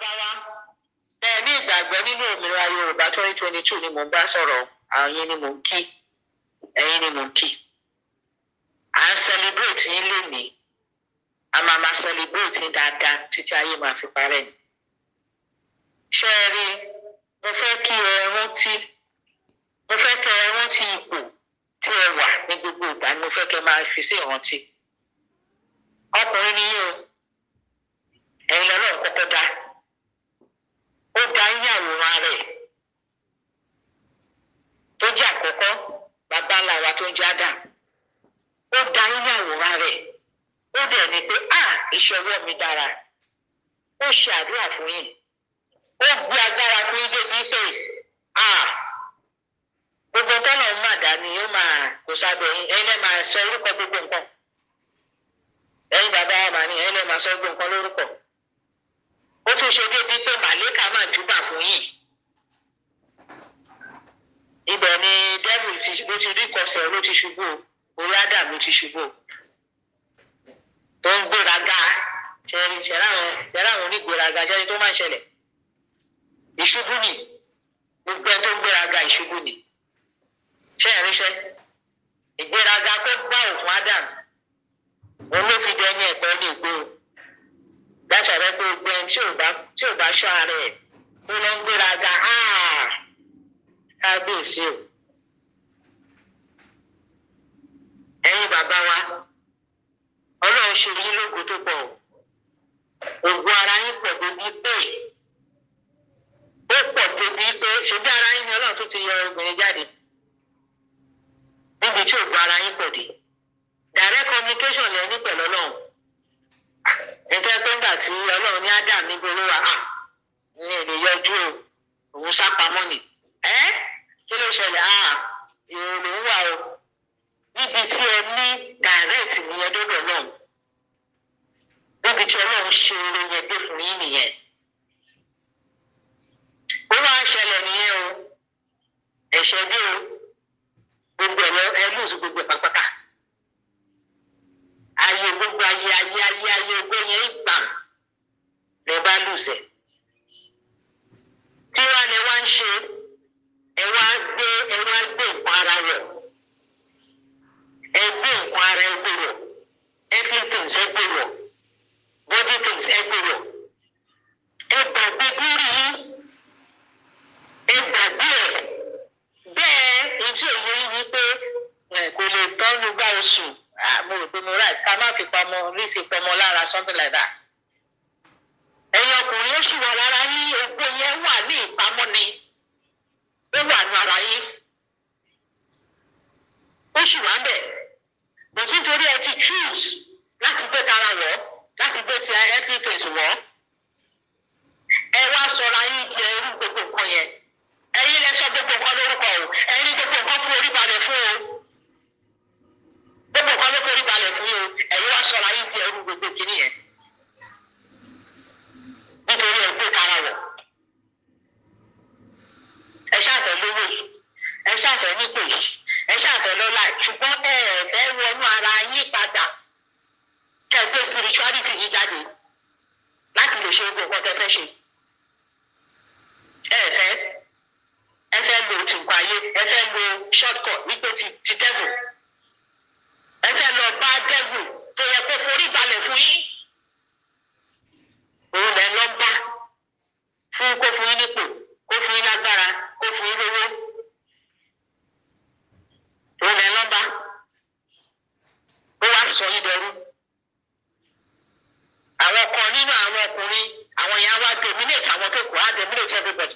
lárúbáwá ẹ ní ìgbàgbọ́ nínú òmìnira yorùbá twenty twenty two ni mò ń bá sọ̀rọ̀ ẹ̀yin ni mò ń kí ẹ̀yin ni mò ń kí à ń celebrate yín lénìí a máa máa celebrate yín dáadáa títí ayé máa fi parẹ́ ni ṣe é rí mo fẹ́ kí ẹ rántí mo fẹ́ kí ẹ rántí ipò tí ẹ wà ní gbogbo ìgbà ni mo fẹ́ kí ẹ máa fi sí ìrántí ọkùnrin ni yín o ẹ̀yin lọ́lọ́run kọ́kọ́ dá ó da yín àwòrán rẹ̀ tó jẹ́ àkọ́kọ́ bàbá ńlá wa tó ń jẹ́ Adam ó da yín àwòrán rẹ̀ ó dẹ̀ ní pé a ìṣọwọ́ mi dára ó ṣe àdúrà fún yín ó gbé agbára fún yín débi pé a gbogbo tọ́nà ń mà dá ni ó máa kò sábẹ̀ yín ẹ̀yin lẹ́ẹ̀ máa sọ orúkọ gbogbo nǹkan ẹ̀yin bàbá wa mà ní ẹ̀yin lẹ́ẹ̀ máa sọ gbogbo nǹkan lórúkọ ó tún ṣe débi pé màlẹ́ ṣubú tó ń gbéraga ṣẹlẹ ṣẹlẹ àwọn ṣẹlẹ àwọn onígbéraga ṣẹlẹ tó máa ń ṣẹlẹ̀ ìṣubú ni gbogbo ẹ tó ń gbéraga ìṣubú ni ṣe ìrìnsẹ ìgbéraga tó gbá òfin Adam òun ló fi dẹni ẹ̀tọ́ ní ìgbó látàrí pé gbogbo ẹni tí ò bá tí ò bá ṣọ́ ara ẹ̀ tó lọ ń gbéraga áà ah! kábíyèsí o. ẹ̀yin bàbá wa ọlọ́run ṣe yín lógo tó pọ̀ ògùn ara yín pọ̀ débi pé ó pọ̀ débi pé ṣebí ara yín ni ọlọ́run tó ti yọ obìnrin jáde níbi tí ògùn ara yín pọ̀ dé direct communication lẹ́ni pẹ̀lú ọlọ́run nítorí pé nígbà tí ọlọ́run ní Adam níbi olówó à ní èdè yọjú o òun sápamọ́ ni ẹ́ kí ló ṣẹlẹ̀ à ìròyìn wà o. ibi tí ẹ ní direct nìyẹn ihe náà níbi tí ọlọ́run ṣe oore fún yín nìyẹn ó máa ń o o gbogbo ẹ̀ lọ gbogbo ẹ̀ ayé gbogbo ayé ayé ayé ayé gbogbo yẹn ìgbà lè tí ẹgbẹ́ nǹkan ara ẹgbẹ́ rẹ̀ everything ẹgbẹ́ rẹ̀ body things ẹgbẹ́ rẹ̀ ẹ gbàgbé glory yín ẹ gbàgbé ẹ̀ bẹ́ẹ̀ ìjì òye yín ni pé kò lè tán lùgbà oṣù mo rò pé mo rà ká má fi pamọ́ rí fi pamọ́ lára something like that ẹ̀yin ọkùnrin ó sì wà lára yín ogún yẹn wà ní ìpamọ́ ni ó wà nù ara yín. encourage everybody.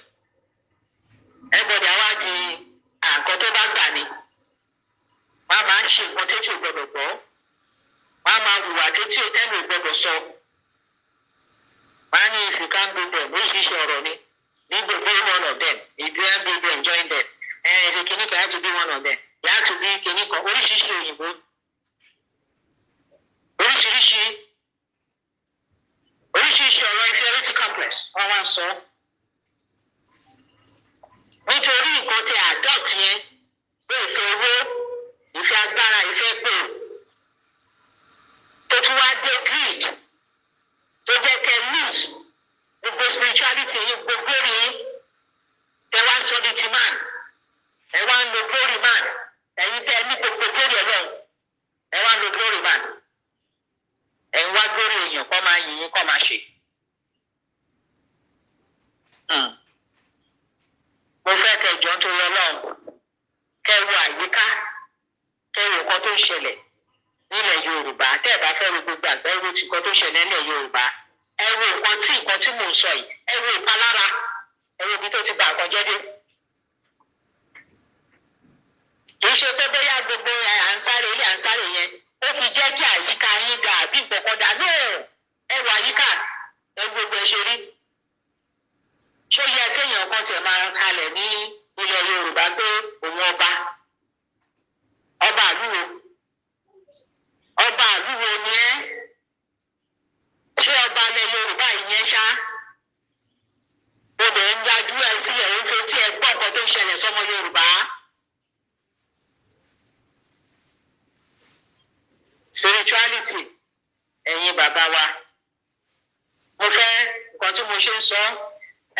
spirituality ẹ̀yin bàbá wa mo fẹ́ nǹkan tí mo ṣe ń sọ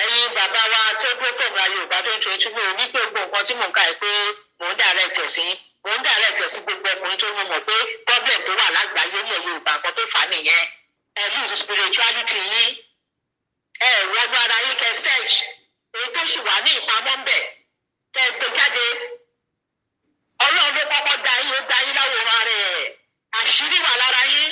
ẹ̀yin bàbá wa tó gbé pẹ̀lú ayé òbá tó ń tún etí gbòòrò ní gbogbo nǹkan tí mò ń kà ẹ́ pé mò ń direct ẹ̀ sí mò ń direct ẹ̀ sí gbogbo ọkùnrin tó mọ̀ pé problem tó wà lágbàáyé ilẹ̀ Yorùbá nǹkan tó fà á nìyẹn ẹ̀ lose spirituality yín ẹ̀ wọ́gbọ́n ara yín kẹ́ search èyí tó sì wà ní ìpamọ́ ń bẹ̀ kẹ́ ẹ gbé jáde Ọlọ́run ló kọ́kọ́ da yín ó da yín láwòrán rẹ̀ àṣírí wà lára yín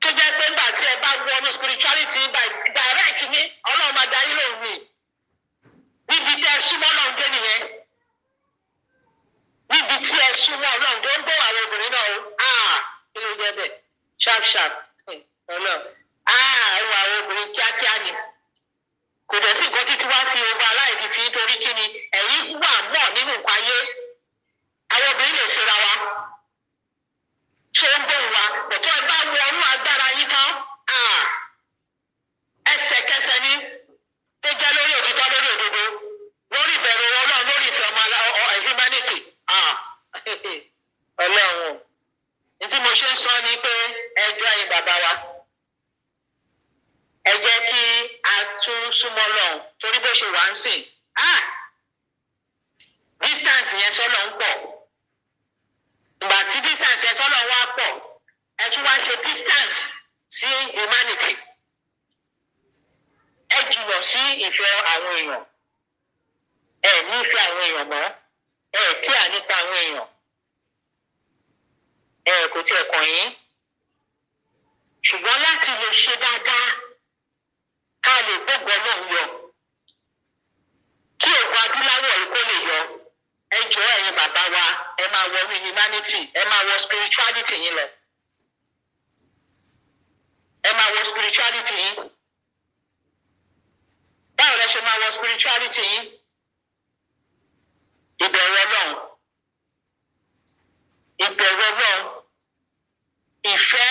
tó jẹ́ pé nígbà tí ẹ bá wọnú spirituality by direct mi ọlọ́run máa darí lóhùn mi níbi tí ẹ súnmọ́ ọlọ́run dé nìyẹn níbi tí ẹ súnmọ́ ọlọ́run tó ń bọ̀ àwọn obìnrin náà ó ah, kí ló jẹ́ bẹ́ẹ̀ sharp sharp hmm, ọ̀nà ẹwà ah, àwọn obìnrin kíákíá ni kò dẹ̀ sí nǹkan títí wá fi ova aláìdí tí nítorí kí ni ẹ̀yin wà mọ̀ nínú nǹkan ayé àwọn obìnrin lè ṣera wa. spirituality yín lọ ẹ máa wo spirituality yín báwo lẹ ṣe máa wo spirituality yín ìbẹ̀rù ọlọ́run ìbẹ̀rù ọlọ́run ìfẹ́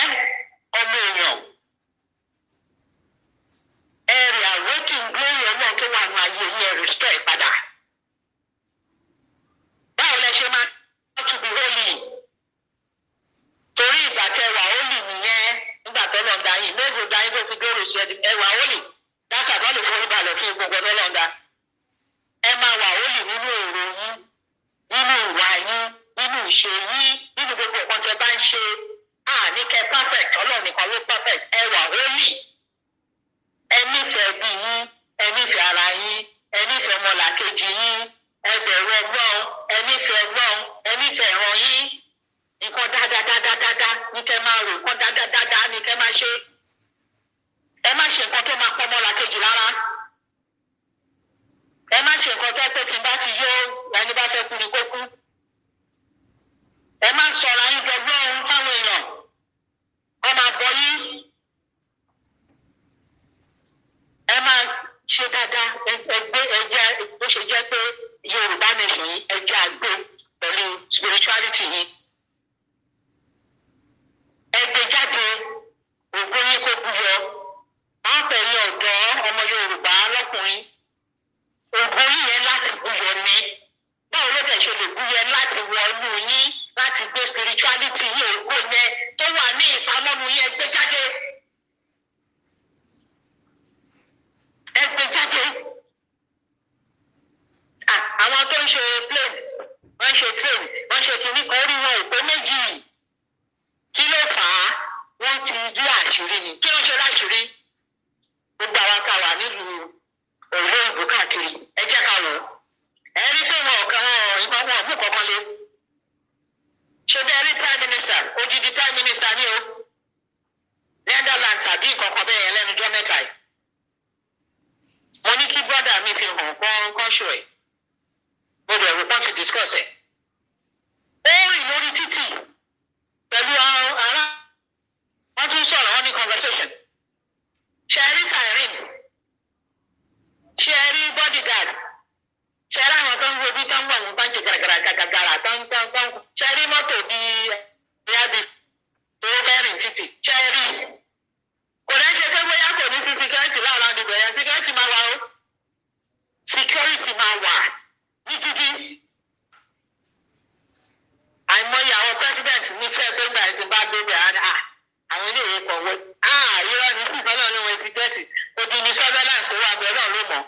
ọmọ èèyàn ẹ̀rì àwọn. ṣe ẹwà òòlì dákàbá lè forí fún gbogbo ọlọ́ọ̀dá ẹ máa wà òòlì nínú èrò yín nínú ìwà yín nínú ìṣe yín nínú gbogbo nǹkan tí ẹ bá ń ṣe àní kẹ perfect ọlọ́ọ̀ nìkan ló perfect ẹ wà ẹ nífẹ̀ẹ́ bí yín ẹ nífẹ̀ẹ́ ara yín ẹ nífẹ̀ẹ́ ọmọlàkejì yín ẹ bẹ̀rù ọgbọ́n ẹ nífẹ̀ẹ́ ọgbọ́n ẹ nífẹ̀ẹ́ ẹ̀rọ yín nǹkan dáadáa dáadáa máa rò nǹkan láṣìírí ni kí ló ṣe láṣìírí gbogbo àwa tá a wà nílùú òwe òbò káàkiri ẹ jẹ́ ká wò ó ẹ rí pé wọn ọ̀kan wọn ìmọ̀ wọn ọ̀mú kankan lé ṣe bẹ́ẹ̀ rí prime minister odidi prime minister ni o netherlands àbí nǹkan kan bẹ́ẹ̀ lẹ́nujọ́ mẹ́ta yìí mo ní kí brọ́dà mi fi hàn kán kán ṣọ ẹ̀ mo dẹ̀ rò ti discuss ẹ̀ ó rìn lórí títì pẹ̀lú ará wọ́n tún sọ̀rọ̀ wọ́n ní conversation ṣe rí siren ṣe rí bodyguard ṣe rí àwọn tó ń wo bí tó ń wà wọn bá ń ṣe gàràgàràgàrà tó ń tó ń tó ń ṣe rí mọ́tò bíi ẹ̀yábi tó bẹ́rìn títì ṣe rí kò dẹ́ ṣe pé bóyá kò ní sí security láàárọ̀ àdìgbò ẹ̀yà security máa wà ó security máa wà ní gidi àìmọye àwọn president mi fẹ́ gbẹ́gbẹ́ àti bá gbẹ́gbẹ́ àá àwọn ilé ìwé kọ̀wé ààrẹ rẹ ní fún ìfẹ́ náà ní wọn ti gẹ́tì odidi surveillance tó wà bẹ́ẹ̀ náà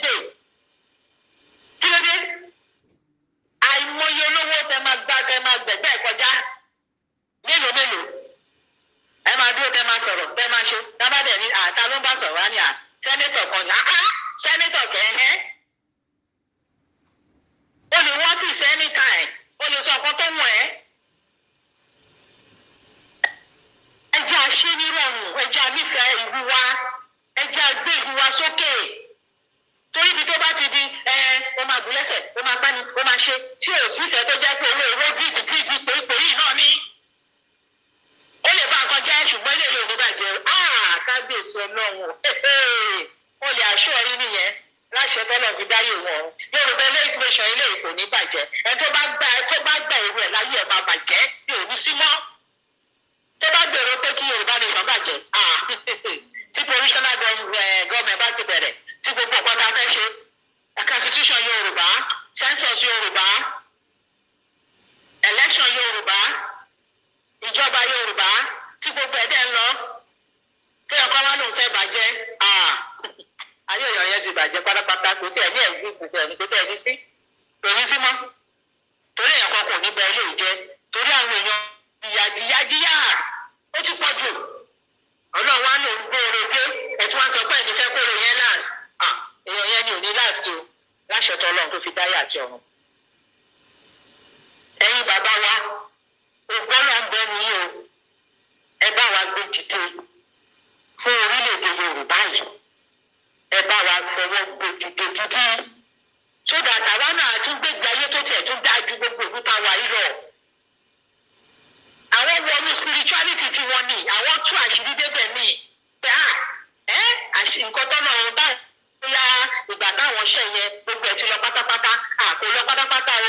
lédè kí ló dé àìmọye olówó tẹ máa gbá tẹ máa gbẹgbẹ kọjá mélòó mélòó ẹ máa dúró tẹ máa sọ̀rọ̀ tẹ máa ṣe tábàdẹ ní àtà ló ń bá sọ̀rọ̀ wá ní à sẹ́nétọ̀ kan ní àá sẹ́nétọ̀ kẹhẹ o lè wọ́n tì sẹ́ni táì o lè sọ nǹkan tó mú ẹ. ẹ jẹ́ àṣírí rọrùn ẹ jẹ́ àmìfẹ́ ìlú wa ẹ jẹ́ àgbé ìlú sókè torí ibi tó bá ti di ẹ o máa gùn lẹ́sẹ̀ o máa gbani o máa ṣe tí o sì fẹ́ tó jẹ́ pé owó owó gírígì gírígì pèépèé yìí náà ní. ó lè bá nǹkan jẹ́ ṣùgbọ́n ilé yóò ní bàjẹ́ kábíyèsí ọlọ́run ó lè aṣọ yín nìyẹn láṣẹ tọ́lọ̀ fi dáyé wọn yorùbá eléyìí nation eléyìí kò ní bàjẹ́ ẹ tó bá gbà ẹ tó bá gbà èrò ẹ láyé ẹ máa bàjẹ́ bí òun sí mọ́ tó bá gbèrò pé kí yorùbá nation bàjẹ́ tí provisional government bá ti bẹ̀rẹ̀ tí gbogbo ọ̀pọ̀ tá a fẹ́ ṣe ẹ̀ka para pagar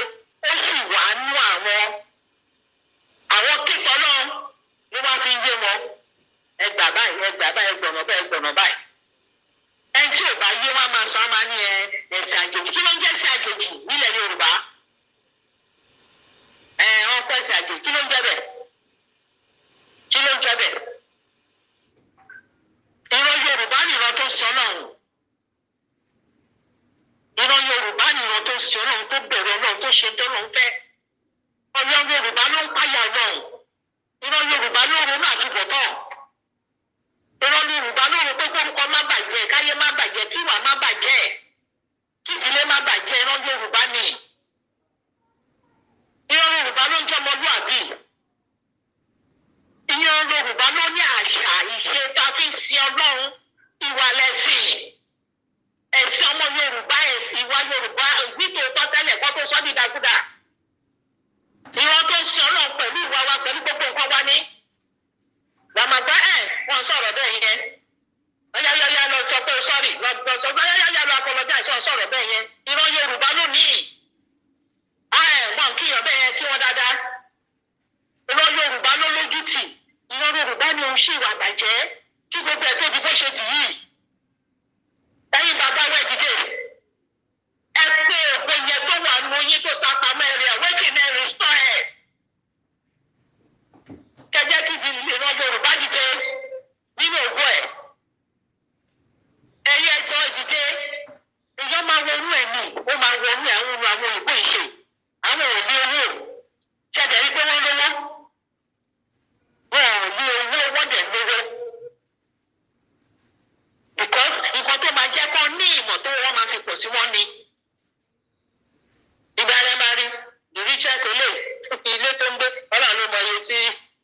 ilé tó ń gbé ọlọ́run ló mọ iye tí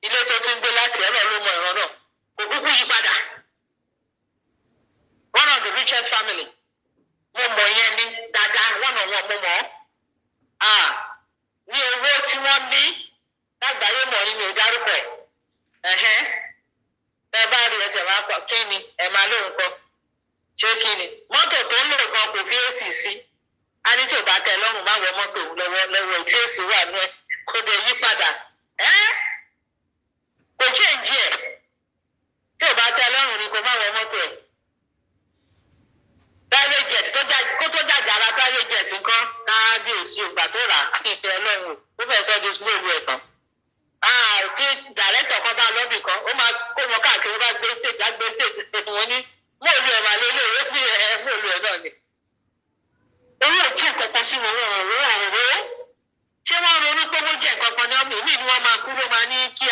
ilé tó ti ń gbé láti ọlọ́run ló mọ money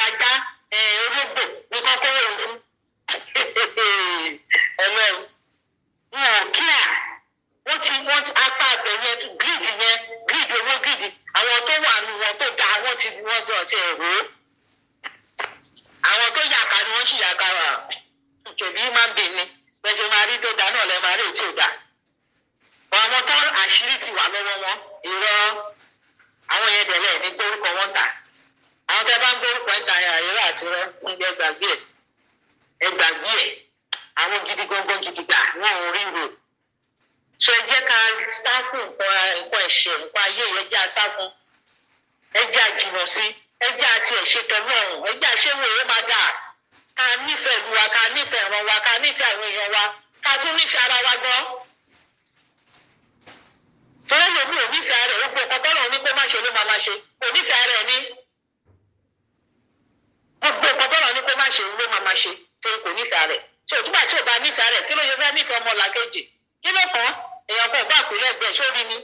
má ṣe ló máa máa ṣe torí kò nífẹ̀ẹ́ rẹ̀ tí òtúbà tí ò bá nífẹ̀ẹ́ rẹ̀ kí ló yẹ fẹ́ nífẹ̀ẹ́ ọmọ làkejì kí ló kàn èèyàn kan bá kú lẹ́gbẹ̀ẹ́ sórí ni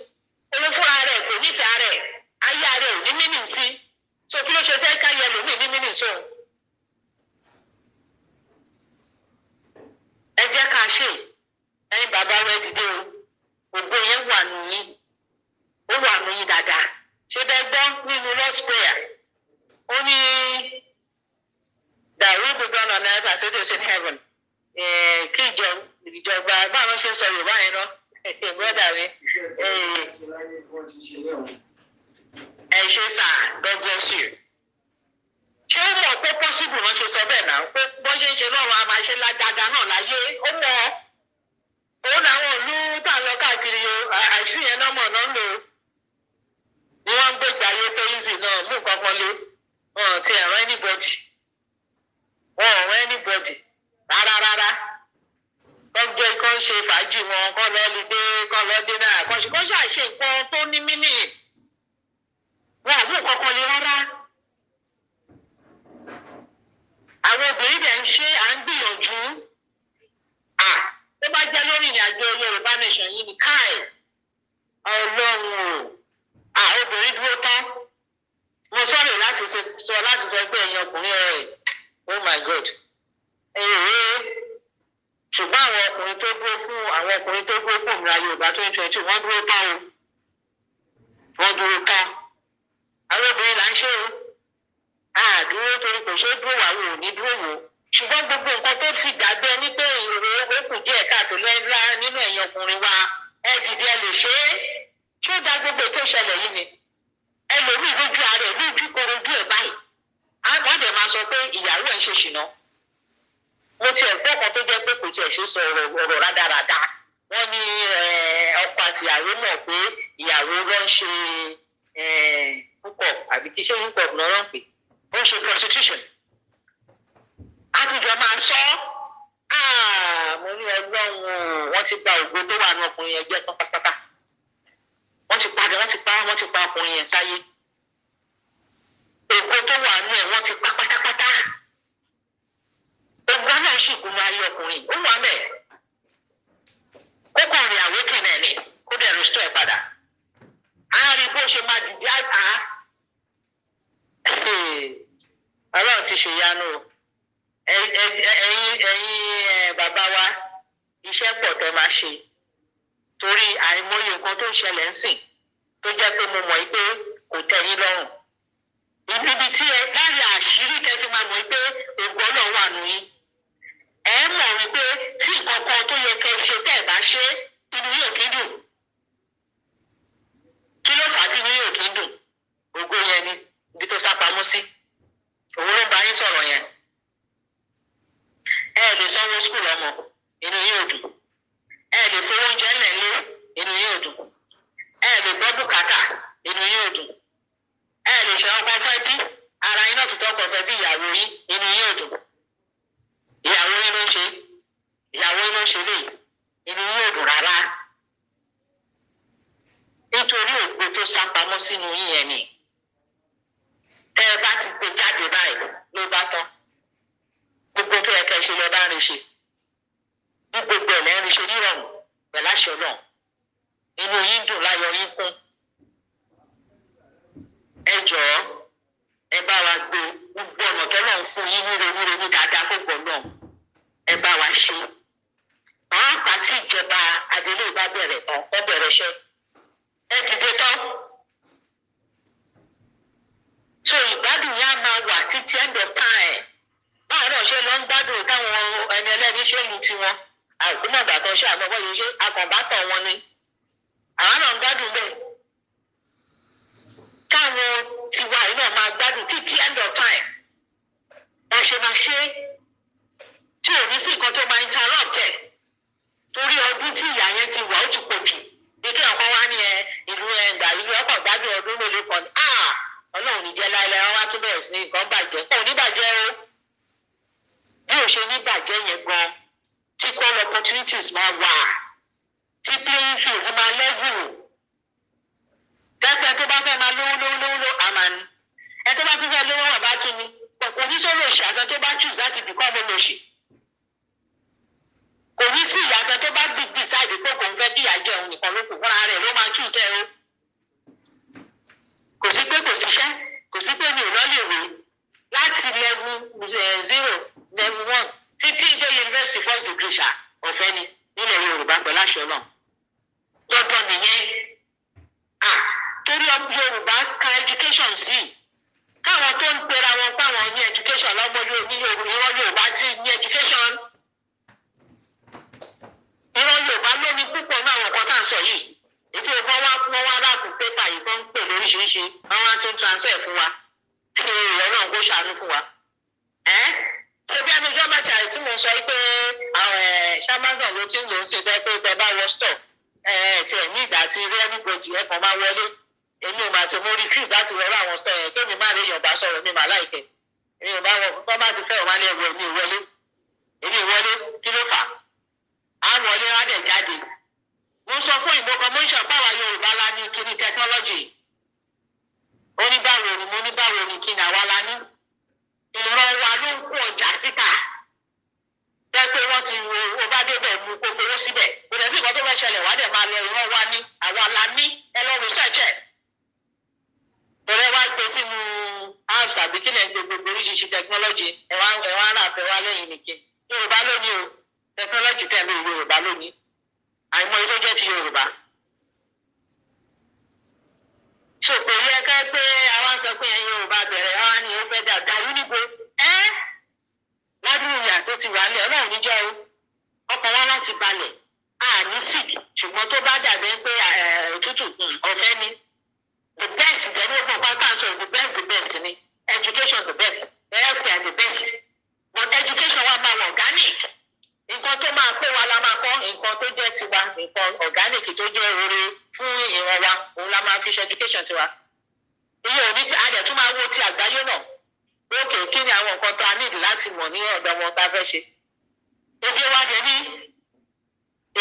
olófúnra rẹ̀ kò nífẹ̀ẹ́ rẹ̀ ayé rẹ̀ ò ní mínì sí so kí ló ṣe fẹ́ káyẹ lómi ní mínì sóun. ẹ jẹ́ ká ṣe ẹ̀yin bàbá rẹ̀ dìde o ògbó yẹn wà nù yín ó wà nù yín dáadáa ṣe bẹ́ẹ̀ gbọ́ nínú lọ́sùpẹ̀yà ó ní that will be done on earth as it is in heaven. kí ìjọba báwọn ṣe sọ yorùbá yẹn lọ brọ́dà mi. ẹ ṣe sà God bless you. ṣé ó mọ̀ pé pọ́sibù wọn ṣe sọ bẹ́ẹ̀ náà pé bọ́n ṣe ń ṣe lọ́wọ́ a máa ṣe ládàáda náà láyé ó mọ̀ òun làwọn ìlú tá a lọ káàkiri o àìsí yẹn náà mọ̀ náà ń lò ni wọ́n ń gbégbá ayé tó easy náà mú nǹkan kan lé wọn ti ẹ̀rọ anybody. wọn ò rẹ́ anybody rárá rárá kọ́ jẹ́ kọ́ ṣe fàájì wọn kọ́ lọ́ọ́ lè dé kọ́ lọ́ọ́ dé náà kọ́ ṣe àṣe nǹkan tó ní mínì wọn àbúrò kankan lè rárá àwọn obìnrin dẹ̀ ń ṣe à ń gbìyànjú à tó bá jẹ́ lórí ìrìn àjò Yorùbá nation yìí ni káì ọlọ́run o à obìnrin dúró tán mo sọ̀rọ̀ láti sọ láti sọ pé ẹ̀yin ọkùnrin ọ̀rẹ́ oh my god ee eh, eh. ṣùgbọ́n àwọn ọkùnrin tó dúró fún àwọn ọkùnrin tó dúró fún ìmúra yorùbá twenty twenty two wọ́n dúró ká o wọ́n dúró ká àwọn obìnrin là ń ṣe o àdúró torí kò ṣeé dúró wà wò ní dúró wò ṣùgbọ́n gbogbo nǹkan tó fi dàgbẹ́ ní pé ìrò ó díẹ̀ káàtó lẹ́ńlá nínú ẹ̀yìn ọkùnrin wa ẹ dìde ẹ lè ṣe é ṣé ó dá gbogbo tó ṣẹlẹ̀ yìí ni ẹ lòmí ìrújú ara ẹ̀ ní ìdúkorojú ẹ̀ báyìí àgbàdẹ máa sọ pé ìyàwó ẹ̀ ń ṣe ṣìnà mo tiẹ̀ gbọ́ kan tó jẹ́ pé kò tiẹ̀ ṣe sọ ọ̀rọ̀ rádaràda wọ́n ní ọkọ àti ìyàwó mọ̀ pé ìyàwó ló ń ṣe púpọ̀ àbí kí ṣe púpọ̀ náà ń ó ń ṣe prostitution àtijọ́ máa sọ mo ní ọlọ́run wọ́n ti gba ògo tó wà ní ọkùnrin yẹn pátápátá wọ́n ti pa wọ́n ti pa ọkùnrin yẹn sáyé ègbó tó wà nù ẹ̀ wọ́n ti pa pátápátá ogun náà sì kú máa yọ ọkùnrin ó wà mẹ́ kókò rìn àwékè náà ni kó dẹ̀ rẹ̀ stọ̀ ẹ̀ padà á rí bó ṣe máa dìde àá ọlọ́run ti ṣèyanu ẹ̀yin ẹ̀yin bàbá wa iṣẹ́ pọ̀ tẹ́ máa ṣe torí àìmọye nǹkan tó ń ṣẹlẹ̀ ń sìn tó jẹ́ pé mo mọ̀ pé kò tẹ́ yín lọ́rùn ibi tí ẹ láàrin àṣírí tẹ́tí máa mọ̀ pé ògbọ́n náà wà nù yín ẹ mọ̀ wípé tí nǹkan kan tó yẹ kẹ́ ẹ ṣe tẹ́ bá ṣe inú yóò kí dùn. ìpàdé ilé ìbá bẹ̀rẹ̀ tán kọ́ bẹ̀rẹ̀ iṣẹ́ ẹ dìde tán. so ìgbádùn yẹn á máa wà títí end of time báwọn náà lọ ń gbádùn táwọn ẹni ẹlẹ́ni ṣe lu tiwọn àgbọ̀nàgbà kan ṣe àgbọ̀gbọ́ yìí ṣe àkànbátàn wọn ni àwọn náà ń gbádùn bẹ́ẹ̀ káwọn tiwa yìí náà máa gbádùn títí end of time wọ́n ṣe máa ṣe tí ò ní sí nǹkan tó máa interrupt ẹ̀ torí ọdún tí ìyá yẹn ti wà ó ti pọ̀ jù bí kí ọkọ wá ní ẹ ìlú ẹ eh, gbà ìlú ọkọ gbádùn ọdún mélòó kan á ah! Ọlọ́run ní jẹ láìláì wọn wá tún bẹ̀rẹ̀ sí ní nǹkan bàjẹ́ kò ní bàjẹ́ o bí ò ṣe ní bàjẹ́ yẹn gan tí call opportunities máa wà tí playing field máa level tẹ́tẹ́ tó bá fẹ́ máa lówó lówó lówó ló àmà ni ẹ tó bá fẹ́ lówó ọ̀bá tún ni kò ní tó bá choose láti become olóṣì kò ní sí ìyá gan tó bá gbìgbì ṣáàdì pé kò ń fẹ́ kíyà jẹ òun nìkan ló kù fúnra rẹ̀ ló máa tù sẹ́ o kò sí pé kò síṣẹ́ kò sí pé mi ò lọ lè wé láti level eh, zero level one títí dé yunifásitì first degree ṣá ọ̀fẹ́ ni nílẹ̀ Yorùbá pẹ̀lú àṣọ náà lọ́dọ̀ nìyẹn torí Yorùbá ka education sí káwọn tó ń pera wọn páwọn ní education lọ́gbọ́n ní Yorùbá ti ní education ìran yorùbá lómi púpọ̀ náà àwọn tá à ń sọ yìí ètò ìbọn wá wọn wá ráàpù pépà ìbọn ń pè lóríṣiríṣi wọn wá tún transfer fún wa ìrọ̀ náà kó ṣàánú fún wa. ṣebí ẹnu ìjọba tí àìtí mo sọ pé ṣamazan ló ti ń lò ó sí bẹ́ẹ̀ pé bẹ́ẹ̀ bá wọ stọ̀ tí ẹ̀ ní ìgbà tí rí ẹni gbòdì ẹ̀kan máa wọlé èmi ò máa ti mórí chris láti wọlé àwọn stọ̀ yẹn kémi má rí yorùbá sọ̀rọ̀ mi mà láìkẹ́ èmi ò bá wọ kọ́ bá ti fẹ́ ọ̀ àrùn ọ̀lẹ́ra dẹ̀ jáde mo sọ fún ìbò commission báwa yorùbá la ní kíní technology oníbàwò ni mo níbàwò ni kíni àwa la ní wa ló ń kó ọjà síta bẹ́ẹ̀ pé wọ́n ti wo o bá mú kó fowó síbẹ̀ kò dẹ̀ sí nǹkan tó fẹ́ ṣẹlẹ̀ wá dẹ̀ máa lọ ìran wa ní àwa la ní ẹ lọ́rùn ṣẹ̀ṣẹ̀ tọ́lẹ́ wá gbé sínú apps àbí kílẹ̀ gbogbo technology o. tẹkinọlọjì tẹ̀lé yorùbá lónìí àìmọ̀ ilé jẹ́ ti yorùbá. so kò yẹ ká pé àwọn sọ pé yorùbá bẹ̀rẹ̀ àwọn ni ó fẹ́ dà dàrú níbo ẹ́ ládùúgbò ìyà tó ti wà lẹ̀ ọlọ́run níjọ́ o ọkàn wa láti balẹ̀ àní sick ṣùgbọ́n tó bá dàbẹ́ pé òtútù ọ̀fẹ́ ni the best ìdẹ́nu ogun pátá sọ the best the best ni education the best healthcare the best but education wa máa organic nǹkan tó máa pé wa la máa kọ́ nǹkan tó jẹ́ tiwa nǹkan organic tó jẹ́ rere fún ìran wa òun la máa fi ṣe education tiwa iye òní pé adẹ̀ tún máa wo ti àgbáyé náà lókè kí ni àwọn nǹkan tó a nílò láti mọ̀ ní ọ̀dọ̀ wọn tá a fẹ́ ṣe èdè wa dẹ̀ ní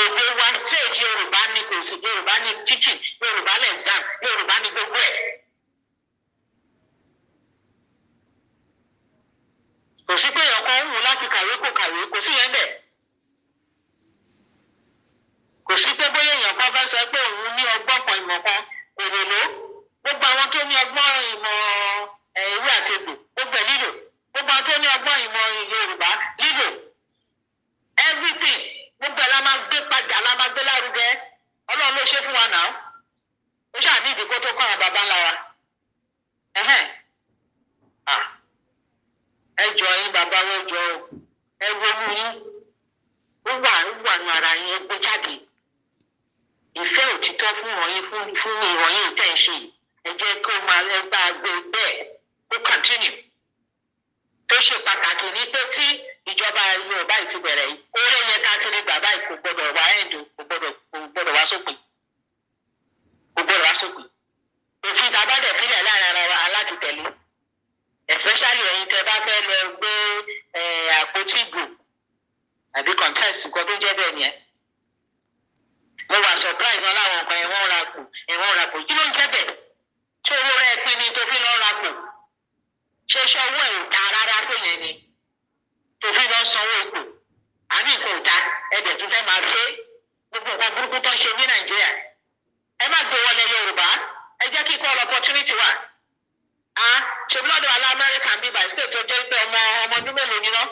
èdè wa straight Yorùbá ni kò Yorùbá ni teaching Yorùbá lẹ̀ exam Yorùbá ni gbogbo ẹ̀. kò sí pé ọkọ̀ ń láti kàwé kò kàwé kò sí yẹn bẹ́ẹ̀ kò sí pé bóyá èèyàn kan fẹ́ sọ pé òun ní ọgbọ́n kan ìmọ̀ kan kò lè lò gbogbo àwọn tó ní ọgbọ́n ìmọ̀ ewé àti egbò gbogbo ẹ̀ lílò gbogbo àwọn tó ní ọgbọ́n ìmọ̀ Yorùbá lílò everything gbogbo ẹ̀ la máa gbé padà la máa gbé lárugẹ Ọlọ́run ló ṣe fún wa náà ó ṣàní ìdíkó tó kọ́ àwọn baba ńlá wa ẹ jọ yín bàbá wọ́n jọ ẹ wọ́n mú yín ó wà nù ara yín ó jáde ìfẹ́ òtítọ́ fún ìròyìn fún fún tẹ̀ ń ṣe ẹ jẹ́ kó máa lẹ́ gbé bẹ́ẹ̀ kó continue tó ṣe pàtàkì ní pé tí ìjọba Yorùbá yìí ti bẹ̀rẹ̀ yìí oore yẹn ká ti bàbá yìí kò gbọdọ̀ wá ẹ̀ǹdù kò gbọdọ̀ kò gbọdọ̀ wá sópin kò gbọdọ̀ wá sópin òfin tàbádẹ̀ fílẹ̀ láàrin ara wa láti tẹ̀lé especially ẹ̀yin tẹ́ bá fẹ́ lọ gbé àpótí ìbò àbí contest nǹkan tó jẹ́ bẹ́ẹ̀ nìyẹn mo wà surprise wọn láwọn kan ẹ̀wọ̀n ra kù ẹ̀wọ̀n ra kù kí ló ń jẹ́ bẹ́ẹ̀ tí owó rẹ̀ pín ní tó fi lọ́ ra kù ṣe ṣe owó ẹ̀ ò ta rárá tó yẹn ni tó fi lọ́ sanwó ipò àbí nǹkan ò ta ẹ̀dẹ̀ tó fẹ́ máa fẹ́ gbogbo nǹkan burúkú tó ń ṣe ní nàìjíríà ẹ má gbé wọlé yorùbá ẹ jẹ́ kí kọ́ opportunity wà á ṣèbí lọ́dọ̀ alá amẹ́ríkà bíi by state tó jẹ́ pé ọmọ ọmọ ọdún mélòó ni náà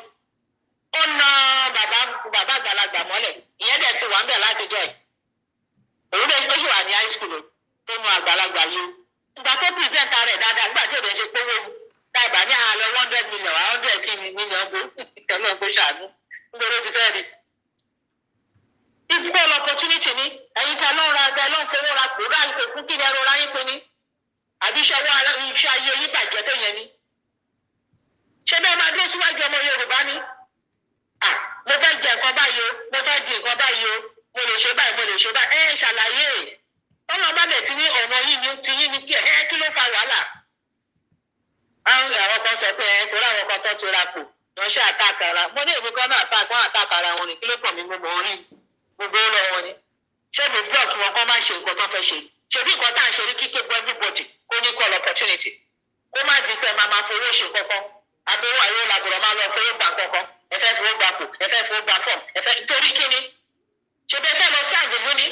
ó na bàbá bàbá àgbàlagbà mọ́lẹ̀ ìyẹn dẹ̀ ti wà ń bẹ̀ látijọ́ yìí òun bẹ́ẹ̀ ó sì wà ní high school o tó mọ àgbàlagbà yìí o ìgbà tó present ara ẹ̀ dáadáa nígbà tí òde ṣe pé wọ́n táìbà ní àlọ́ one hundred million wà fẹ́ máa ta àgbọn àtàkàrà wọn ni kí ló kàn mí mo mọ̀ ọ́ rí gbogbo ó lọ wọn ni ṣé mi block wọn kọ́ máa ṣe nǹkan tó fẹ́ ṣe ṣe bí nǹkan tá à ń ṣe rí kíkó gbọ́ everybody kó ní call opportunity kó má di pé màmá fowó ṣe kankan abẹ́wò àyè làbọ̀rọ̀ máa lọ fowó gbà kankan ẹ fẹ́ fowó gbà kù ẹ fẹ́ fowó gbà fọ̀m ẹ fẹ́ torí kíni ṣe bẹ́ẹ̀ fẹ́ lọ sáàbù lú ni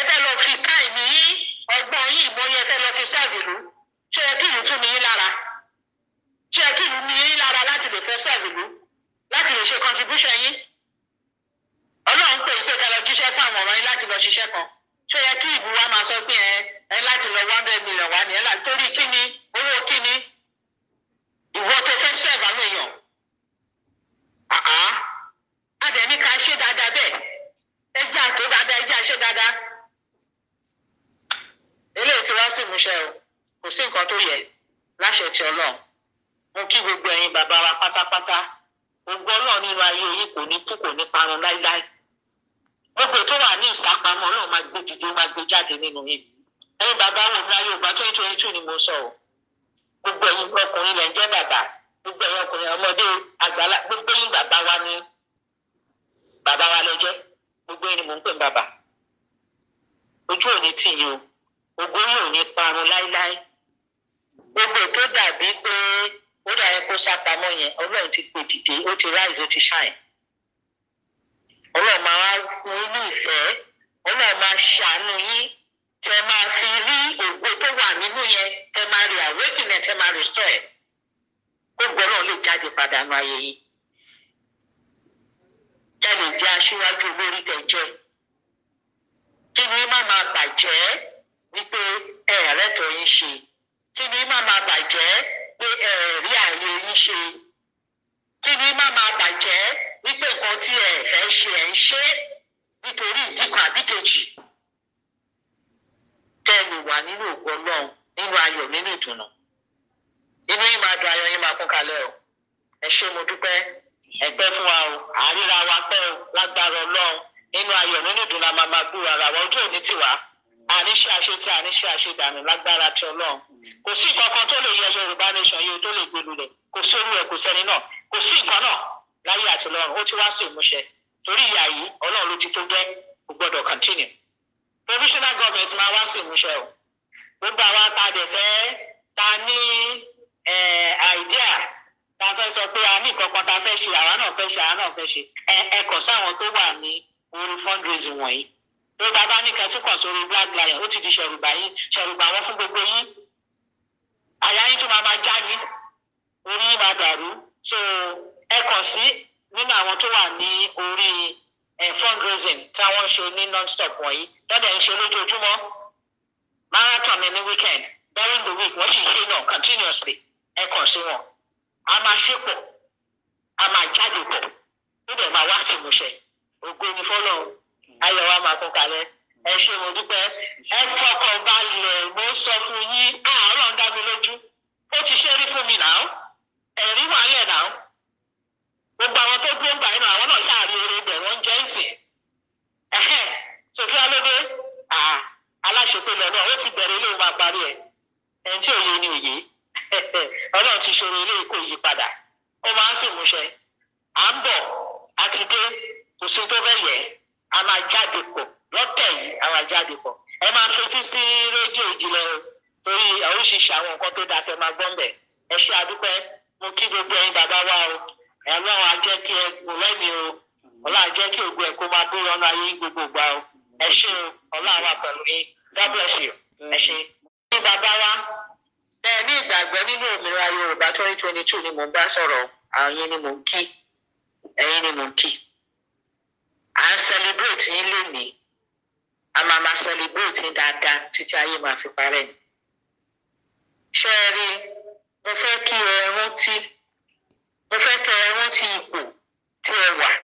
ẹ fẹ́ lọ fi táìmì yín ọgbọ́n yín ìmọ̀ye ẹ fẹ́ lọ fi sáàbù lú ṣé ẹ kí ìlú tún ní yín lára ṣé ẹ kí ìlú ní yín lára láti lè fẹ́ sáàbù lú ṣe contribution yín ọlọ́run pè pé ká lọ jíṣẹ́ fún àwọn ọ̀rọ̀ yín láti lọ ṣiṣẹ́ kan ṣó yẹ kí ìbú wa máa sọ pé ẹ ẹ láti lọ one hundred million wá ní ẹ láti torí kíni owó kíni ìwọ tó fẹ́ sẹ́ẹ̀fù àwọn èèyàn àá adẹ̀ní ká ṣe dáadáa bẹ́ẹ̀ ẹ jẹ́ àtó dáadáa ẹ jẹ́ àṣẹ dáadáa eléyìí tí wá sí ìmúṣẹ o kò sí nǹkan tó yẹ láṣẹ ti ọlọ́run mo kí gbogbo ẹ̀yin bàbá wa pátápátá gbogbo ọlọ́run nínú ayé yìí kò ní kú kò ní parun láíláí gbogbo tó wà ní ìsápamọ́ ọlọ́run máa gbé dìde máa gbé jáde nínú yìí ẹ̀yin bàbá wo ní ayé ògbà twenty twenty two ni mo sọ o gbogbo ẹ̀yin ọkùnrin lẹ ń jẹ́ bàbá gbogbo ẹ̀yin ọkùnrin ọmọdé àgbàlá gbogbo ẹ̀yin bàbá wa ni bàbá wa lẹ jẹ́ gbogbo ẹ̀yin ni mò ń pè ń bàbá ojú òní tì yín o ògbóyè òní parun láíláí gbogbo tó dàbí pé ó dà yẹ kó sápamọ́ yẹn ọlọ́run ti pè dìde ó ti rise ó ti shine ọlọ́run máa wá fún yín ní ìfẹ́ ọlọ́run máa ṣàánú yín tẹ máa fi rí ògo tó wà nínú yẹn tẹ máa rí awakening tẹ máa restore ẹ̀ kó gbọ́ náà lè jáde padà nù ayé yìí ẹ lè jẹ́ aṣíwájú olórí tẹ jẹ́ kí ni má máa bàjẹ́ wípé ẹ̀ẹ́dẹ́tọ̀ yín ṣe kí ni má máa bàjẹ́ pé rí ààyè yín ṣe kí ni má máa bàjẹ́ wípé nǹkan tí ẹ fẹ́ ṣe ẹ ń ṣe nítorí ìdínkù àbí kejì wà nínú ògo Ọlọ́run nínú ayọ̀ nínú ìdùnnú inú yín máa dùn ayọ̀ yín máa kún kalẹ̀ o ẹ ṣé mo dúpẹ́ ẹ pẹ́ fún wa o àríra wa pẹ́ o lágbára Ọlọ́run nínú ayọ̀ nínú ìdùnnú máa máa gbúra ara wa ojú òní tiwa àníṣe àṣetì àníṣe àṣedànù lágbára ti Ọlọ́run kò sí nǹkan kan tó lè yọ yorùbá nation yìí tó lè gbèlú rẹ kò sí orú ẹ kò sẹ́ni náà kò sí nǹkan náà láyé àti lọ́run ó ti wá sí ìmúṣẹ torí ìyá yìí Ọlọ́run ló ti tó gẹ́ kò gbọ́dọ̀ continue provisional government máa wá sí ìmúṣẹ o gbogbo àwa ta dẹ̀ ta ní idea ta fẹ́ sọ pé a ní nǹkan kan ta fẹ́ ṣe àwa náà fẹ́ ṣe àwa náà fẹ́ ṣe ẹ kọ̀ sáwọn tó wà ní orí fundraising wọ̀nyí ló bá bá ní kẹtù kàn sórí black lion ó ti di ṣẹ̀rùbà yín ṣẹ̀rùbà wọn fún gbogbo yín àyà yín tó máa máa já ní orí yín máa dàrú so ẹ kàn sí nínú àwọn tó wà ní orí ẹ eh, fundraising táwọn ṣe ní non-stop wọ̀nyí lọ́dẹ̀ ń ṣe lójoojúmọ́ marathon ní weekend during the week wọ́n sì ṣe náà continuously ẹ kàn sí wọn a máa ṣe pọ̀ a máa jáde pọ̀ ó dẹ̀ máa wá sí ìmúṣẹ ògo ni fọlọ́ ayọ̀ wa máa kún kalẹ̀ ẹ ṣe mo dúpẹ́ ẹ fọkàn balẹ̀ mo sọ fún yín àárọ̀ ń dá mi lójú ó ti ṣe rí fún mi náà ẹ̀rí wà lẹ̀ náà gbogbo àwọn tó dúró ń gbà nínú àwọn náà ṣáàrí oore bẹ̀ wọ́n jẹ́ ìsìn sókè alóde aláṣepé lọ́nà ó ti bẹ̀rẹ̀ ilé wa parí ẹ̀ ẹni tí òye ni òye ọlọ́run ti ṣòro ilé kò yí padà ó máa ń sì múṣẹ à ń bọ̀ àti dé kò sí tó bẹ́ẹ̀ yẹ a máa jáde pọ̀. lọ́tẹ̀ yìí àwọn ẹ máa fetí sí rédíò ìjìnlẹ o torí oríṣiríṣi àwọn nǹkan tó dáa tẹ́ máa gbọ́n bẹ̀ ẹ ṣe àdúpẹ́ mo kí gbogbo ẹ̀yin bàbá wa o Ọlọ́run jẹ́ kí ẹ ayé gbogbo o ẹ ṣe o pẹ̀lú God bẹ́ẹ̀ ní ìgbàgbẹ́ nínú òmìnira Yorùbá twenty twenty two ni mò ń bá sọ̀rọ̀ ẹ̀yin ni mò ń kí ẹ̀yin ni mò ń kí à ń celebrate a máa máa celebrate dáadáa títí ayé máa fi parẹ́ ni. ṣé ẹ rí mo fẹ́ kí ẹ rántí mo fẹ́ kí ẹ rántí ipò tí ẹ wà.